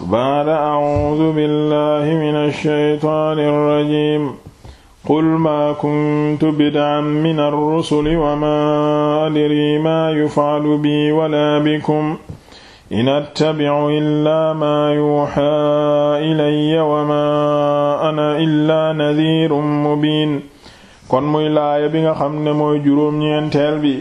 بعد أعوذ بالله من الشيطان الرجيم قل ما كنت بدعا من الرسل وما أدري ما يفعل بي ولا بكم إن أتبع إلا ما يوحى إلي وما أنا إلا نذير مبين kon muy laaya bi nga xam ne mooy juróom ñeenteel bi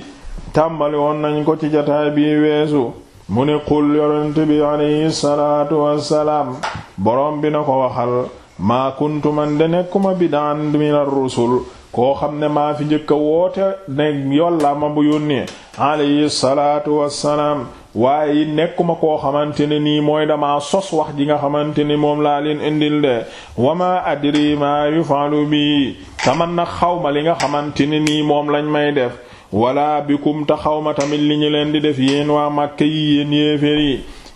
tàmbali woon nañ ko ci jataay bi weesu mu ne qul yonent bi alayhi salaatu wassalaam boroom bi na ko waxal maa kuntu man de nekkuma bid'an minar rusul koo xam ne maa fi njëkk a woote ne yolla ma bu yónnee alayhi salaatu wassalaam waaye yi nekkuma koo xamante ne nii mooy damaa sos wax ji nga xamante ni moom laa leen indil de wama adri ma yufalu bi man na xawma li nga xamante ne nii moom lañ may def wala bikum ta xawma tamit li ñu leen di def yéen waa màkk yi yéen yéefér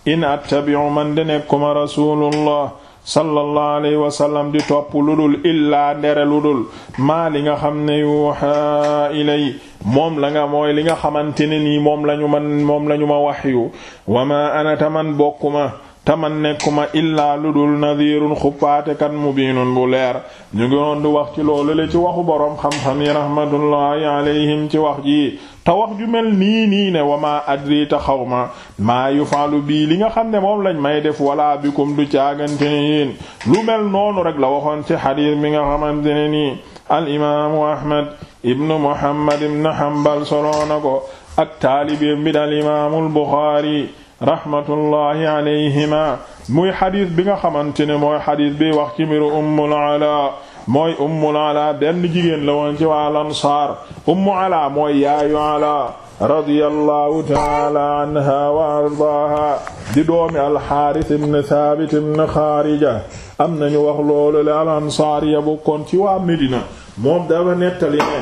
in attabi'u man de nekkuma rasulullah sallallahu alayhi wa sallam di topp lu dul illaa ndere lu dul maa li nga xam ne yuha ilay moom la nga mooy li nga xamante ne nii moom la ñu man la ñu ma wax bokkuma te man nekkuma illaa lu dul nadirun xuppaatekat mubiinun bu leer ñu ngi woon di wax ci loolu la ci waxu boroom xam-xam yi rahmatullahi ci wax ji te wax ju mel nii nii ne wa maa adri ta ma maa yufalu bii li nga xam ne moom lañ may def wala bikum du caagante ne yéen lu mel noonu rek la waxoon ci xadiis mi nga xamante ne nii al imaamu ahmad ibnu muhammad ibnu hanbal soloona ko ak taalibeem bi dal imaamul buxaari rahmatullahi alayhima muy xadis bi nga xamante ne mooy xadis bi wax ci mbiru ummul ala mooy ummul ala benn jigéen la woon ci waa lansaar ummu ala mooy yaayu ala taala anha wa ardaaha di doomi alxaaris ibn thabit ibn xaarija am nañu wax loolu la alansaar ya bokkoon ci waa Medina moom dafa nettali ne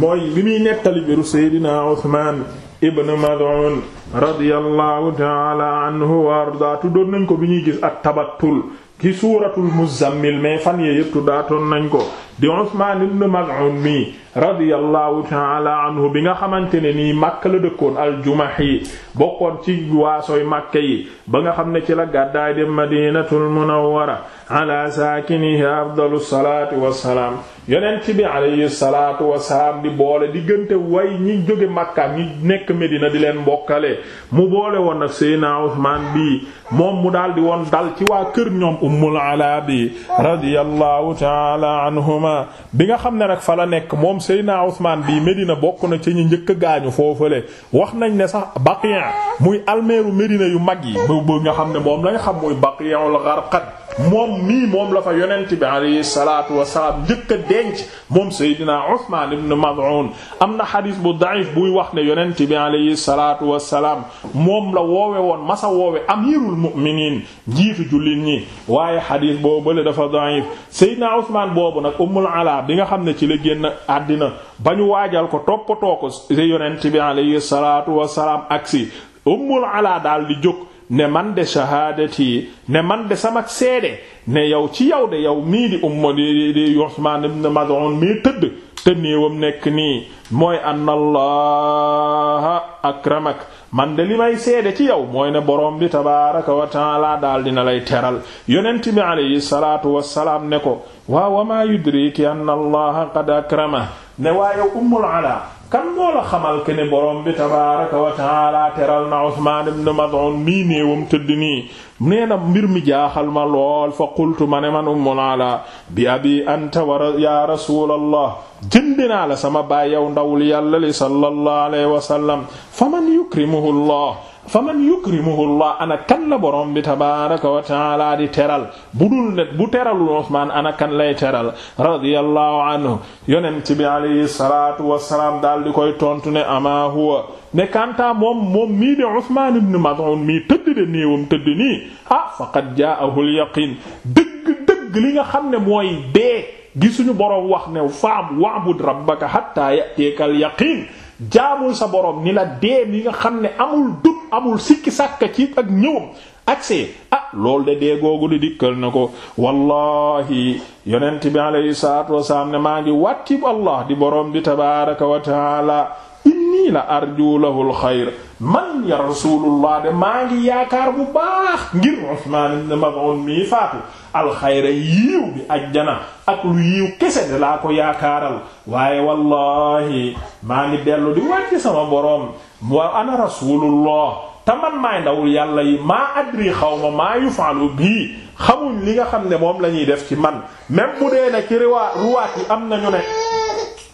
mooy li muy nettali biru Seydina Usmaan ibn Mad'un radiyallahu taala anhu wa arda tuddoon nañ ko bi ñuy gis at tabattul ki suuratul muzammil mais fan yee yëpp tuddaatoon nañ ko di Usmaan ibn Maz'un mi radiyallahu taala anhu bi nga xamante ne nii Makka la dëkkoon al-Jumahi bokkoon ci waasoy Makka yi ba nga xam ne ci la gàddaay dem Madinatul Munawwara ala saakiniha afdalu salaatu wassalaam yonent bi alayhi salaatu wassalaam di boole diggante way ñi jóge Makka ñi nekk Medina di leen mbokkale mu boole woon nag Seydina Usmaan bi moom mu daldi woon dal ci waa kër ñoom Ummul Alaa bi radiyallahu taala anhum Usman bi nga xam ne nag fa la nekk moom Seydina Usman bi Medina bokk na ci ñu njëkk gaañu foofule wax nañ ne sax Baqiya muy almeeru Medina yu mag yi bu nga xam ne moom lañ xam muy Baqiyul Gharqad moom mii moom la fa yonent bi alayhi salaatu wasalaam njëkk a denc moom Seydina Usmaan ibn Mad'un am na xadis bu da'if buy wax ne yonent bi alayhi salaatu wasalaam moom la woowe woon masa woowe amirul mu'minin njiitu jullit ñi waaye xadis boobu bële dafa da'if Seydina Usmaan boobu nag ummul ala bi nga xam ne ci la génn àddina ba ñu waajal ko toppatoo ko yonent bi alayhi salaatu wasalaam aksi ummul ala daal di jóg ne man de shahaadati ne man de sama seede ne yow ci yow de yow mii di umma di di Usmaan ibn mii tëdd te néewam nekk nii mooy anna allaha akramak man de li may seede ci yow mooy ne borom bi tabaaraka wa taala daal dina lay teral yonent bi alayhi salaatu wassalaam ne ko waaw wa yudriki anna allaha qad akrama ne waa yow ummul kan moo la xamal ke ne borom bi tabaaraka wa taala teral na Usmaan ibn Mad'un mii néewam tëdd nii nee na mbir mi jaaxal ma lool fa qultu ma ne man ummul ala bi abi anta wa ya rasuulallah jëndi naa la sama baay yow ndawul yàlla li sallallahu alayhi wa sallam faman yukrimuhu Allah fa man yukrimuhu llah ana kan la borom bi tabaraka wa taala di teral bu dul net bu teralul Usmaan ana kan lay teral radiyallahu anhu yonent bi alayhi salatu wasalaam daal di koy tontu ne ama huwa ne kanta moom moom mii de Usmaan ibn Maz'un mii tëdd de néewam tëdd nii ah faqad ja'ahu al-yaqin dëgg-dëgg li nga xam ne mooy dee gisuñu borom wax ne faam rabbaka hatta ya'tiyakal yaqin jaamul sa borom ni la dee mi nga xam ne amul amul sikki sàkka ci ak ñëwam accès ah loolu de dee googu di dikkal na ko wallahi yonent bi alayhi salaatu wasalaam ne maa ngi wàtti allah di borom bi tabaraka wa taala inni la arju lahul xayr man ya rasulullah de maa ngi yaakaar bu baax ngir Usmaan ibn Maz'un mii faatu alxayra yiiw bi ajjana ak lu yiiw kese de laa ko yaakaaral waaye wallahi maa ngi dellu di wàcc sama borom wa ana rasulullah te man maay ndawul yàlla yi maa adri xaw ma maa yufaalu bii xamuñ li nga xam ne moom la ñuy def ci man même bu dee ne ci ruwaat yi am nañu ne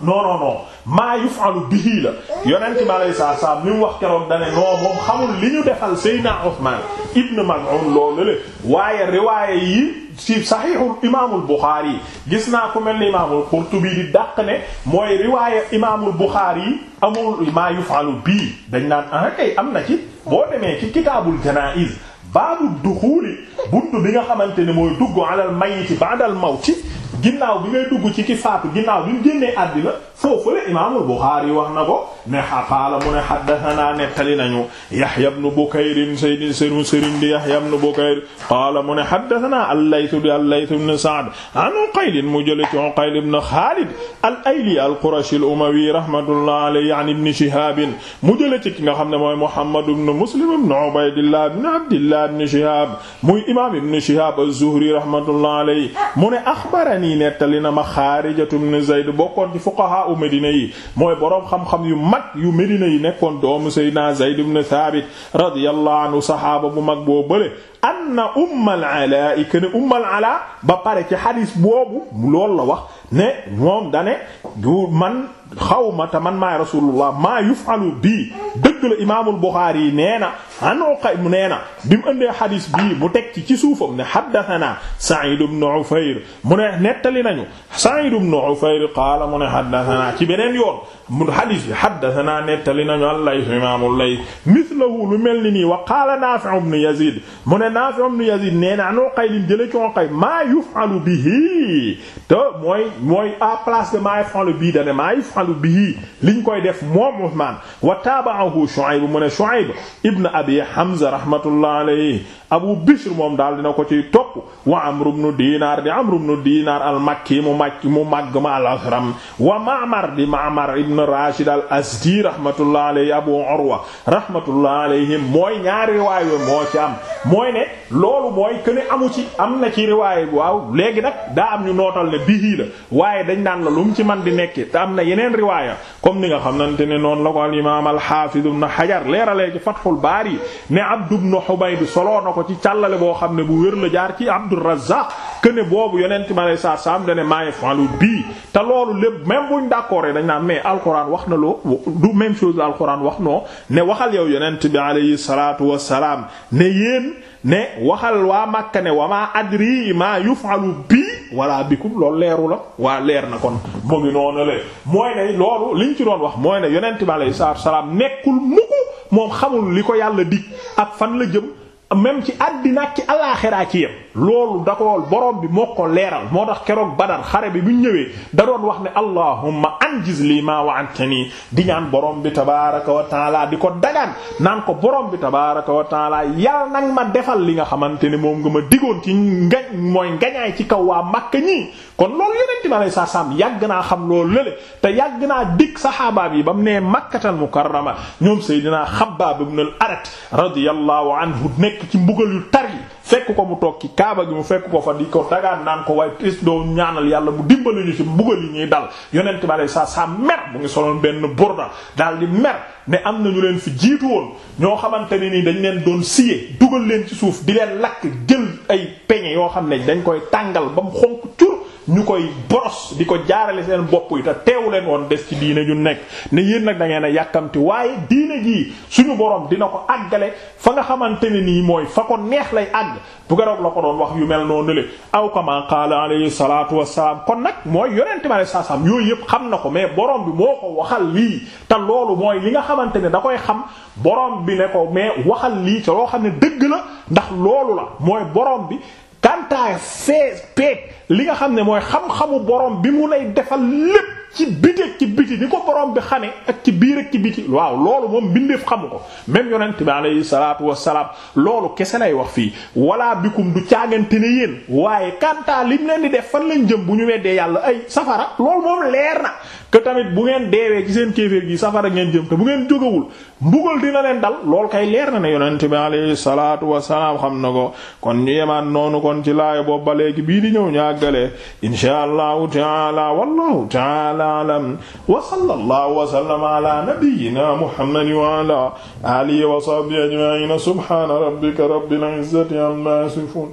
non non non maa yufalu bihi la yonent bi alayhi salaatu salaam li mu wax keroog da ne non moom xamul li ñu defal Seydina Usmaan ibn Maz'un loolu la waaye riwaaya yi ci saxiixul imaamul Buxaari yi gis naa ku mel ni imaamul Qurtubi di dàq ne mooy riwaaya imaamul Buxaari yi amul maa yufalu bii dañ naan ah, am na ci boo demee ci kitaabul janaa'iz baabu duxuuli buntu bi nga xamante ne mooy dugg alal mayyiti ba'dal mawti ginnaaw bi ngay dugg ci ki faatu ginnaaw bi mu génnee àddina foofu la imaamul Buxaari wax na ko ne xaala mu ne xaddasanaa nettali nañu Yaxya ibnu Bukayr saydi sëriñ sëriñ di Yaxya ibnu Bukayr qaala mu ne xaddasanaa al-Layth di al-Layth ibnu Sa'd an Uqayl mu jële ci Uqayl ibnu Xaalid al-Ayli al-Qurashi al-Umawi rahmatullahi alayhi an Ibn Shihaab mu jële ci ki nga xam ne mooy Muhammad ibnu Muslim ibnu Ubaydillah ibnu Abdillah ibnu Shihaab muy imaam ibnu Shihaab az-Zuhri rahmatullahi alayhi mu ne axbarani yi nettali na ma Xaarijatu ibn Zayd bokkoon ci fuqahaa u Medina yi mooy boroom xam-xam yu mag yu Medina yi nekkoon doomu Seydina Zayd ibn Thabit radiyallahu anhu saxaaba bu mag boo bële anna Ummul Alaa ikene Ummul Alaa ba pare ci xadiis boobu loolu la wax ne moom dane du man xaw ma te man maay rasulullah maa yufalu bii dëgg la imaamul Buxaari yi nee na an Uqay mu nee na bi mu ëndee xadis bii mu teg ci ci suufam ne haddathana Sa'id ibn Ufayr mu ne nettali nañu Sa'id ibn Ufayr qaala mu ne haddathana ci beneen yoon mu xadis bi haddathana nettali nañu al-Layth imaamul Layth mithluhu lu mel ni nii wa qaala Naafi' ibn Yazid mu ne Naafi' ibn Yazid nee na an Uqay li jële ci Uqay maa yufalu bihi te mooy mooy à place de maa yufalu bii dane maa yaf'alu bihi liñ koy def moom Usmaan wa taaba'ahu Shu'ayb mu ne Shu'ayb ibn Abi Hamza rahmatullah alayhi Abu Bishr moom daal dina ko ci topp wa Amr ibn Dinar di Amr ibn Dinar al-Makki mu màcc mu màgg ma al-Asram wa Ma'mar di Ma'mar ibn Rashid al-Azdi rahmatullah alayhi Abu Urwa rahmatullah alayhim mooy ñaari riwaayo moo ci am mooy ne loolu mooy këne amu ci am na ci riwaayo waaw léegi nag daa am ñu nootal ne bihi la waaye dañ naan la lu ci man di nekk te am na yeneen beneen riwaaya comme ni nga xamante ne noonu la ko al imaam al xaafiz ibn Hajar leeralee ci Fathul Baari ne Abd ibn Hubayd na ko ci càllale boo xam ne bu wér la jaar ci Abdur Razzaq këne boobu yonent ma lay saa saam dane maa yafalu bii te loolu lépp même buñ d'accord dañ naan mais alquran wax na loo du même chose la alquran wax noo ne waxal yow yonent bi alayhi salaatu wassalaam ne yéen ne waxal waa Makka ne wa maa adri maa yufalu bi bi bikum loolu leeru la waa leer na kon mu ngi noonu le mooy ne loolu liñ ci doon wax mooy ne yonent bi alayhi salaam nekkul mukk moom xamul li ko yàlla dig ak fan la jëm même ci àddina ak ci alaaxiraa yem loolu da ko borom bi moo ko leeral moo tax keroog Badar xare bi bu ñëwee da doon wax ne allahumma anjiz lii maa wa'adtani di ñaan boroom bi tabaaraka wa taala di ko dagaan naan ko boroom bi tabaaraka wa taala yal nag ma defal li nga xamante ne moom nga ma digoon ci nga mooy ngañaay ci kaw waa Makka ñii kon loolu ma bi sa salaam yàgg naa xam loolu lële te yàgg naa dig saxaabaab yi ba mu nee Makkatal Mukarrama ñoom Seydina Xabbaab ibn al-Arat nekk ci mbugal yu tar yi fekk ko mu toog ci kaaba gi mu fekk ko fa di ko dagaan naan ko waaye is doo ñaanal yàlla mu dimbali ñu ci mbugal yi ñuy dal yonent bi sa sa mer mu ngi soloon benn burda daal di mer ne am na ñu leen fi jiitu woon ñoo xamante ne nii dañ leen doon siyee dugal leen ci suuf di leen lakk jël ay peñe yoo xam ne dañ koy tàngal ba mu xonk cur ñu koy boros di ko jaarale seen bopp yi te teew leen woon des ci diine ñu nekk ne yéen nag da a yàkkamti waaye diine jii suñu borom dina ko àggale fa nga xamante ne nii mooy fa ko neex lay àgg bu garoog la ko doon wax yu mel noonu le aw kama qaala alayhi salaatu wassalaam kon nag mooy yonente ma yooyu yëpp xam na ko mais borom bi ko waxal lii te loolu mooy li nga xamante ne da koy xam boroom bi ne ko mais waxal lii ca loo xam ne dëgg la ndax loolu la mooy boroom bi kantaa fee peeg li nga xam ne mooy xam-xamu borom bi mu lay defal lépp ci biti ak ci biti ni ko borom bi xamee ak ci biir ak ci biti waaw loolu moom bindeef xamu ko même yonent bi alayhi salaatu wassalaam loolu kese lay wax fii wala bikum du caagante ne yéen waaye kantaa lim leen di def fan lañ jëm bu ñu weddee yàlla ay safara loolu moom leer na que tamit bu ngeen deewee ci seen kéeféer gi safara ngeen jëm te bu ngeen jógawul mbugal dina leen dal lool kay leer na ne yonent bi alayhi salaatu wasalaam xam na ko kon ñu yemaan noonu kon ci laaya boobu ba léegi bii di ñëw ñu àggalee insha allahu taala wallahu a alam wa sallallahu wa sallama ala nabiyyina muhammadin wa ala alihi wa sahbihi ajma'in subhana rabbika rabbil izzati amma yasifun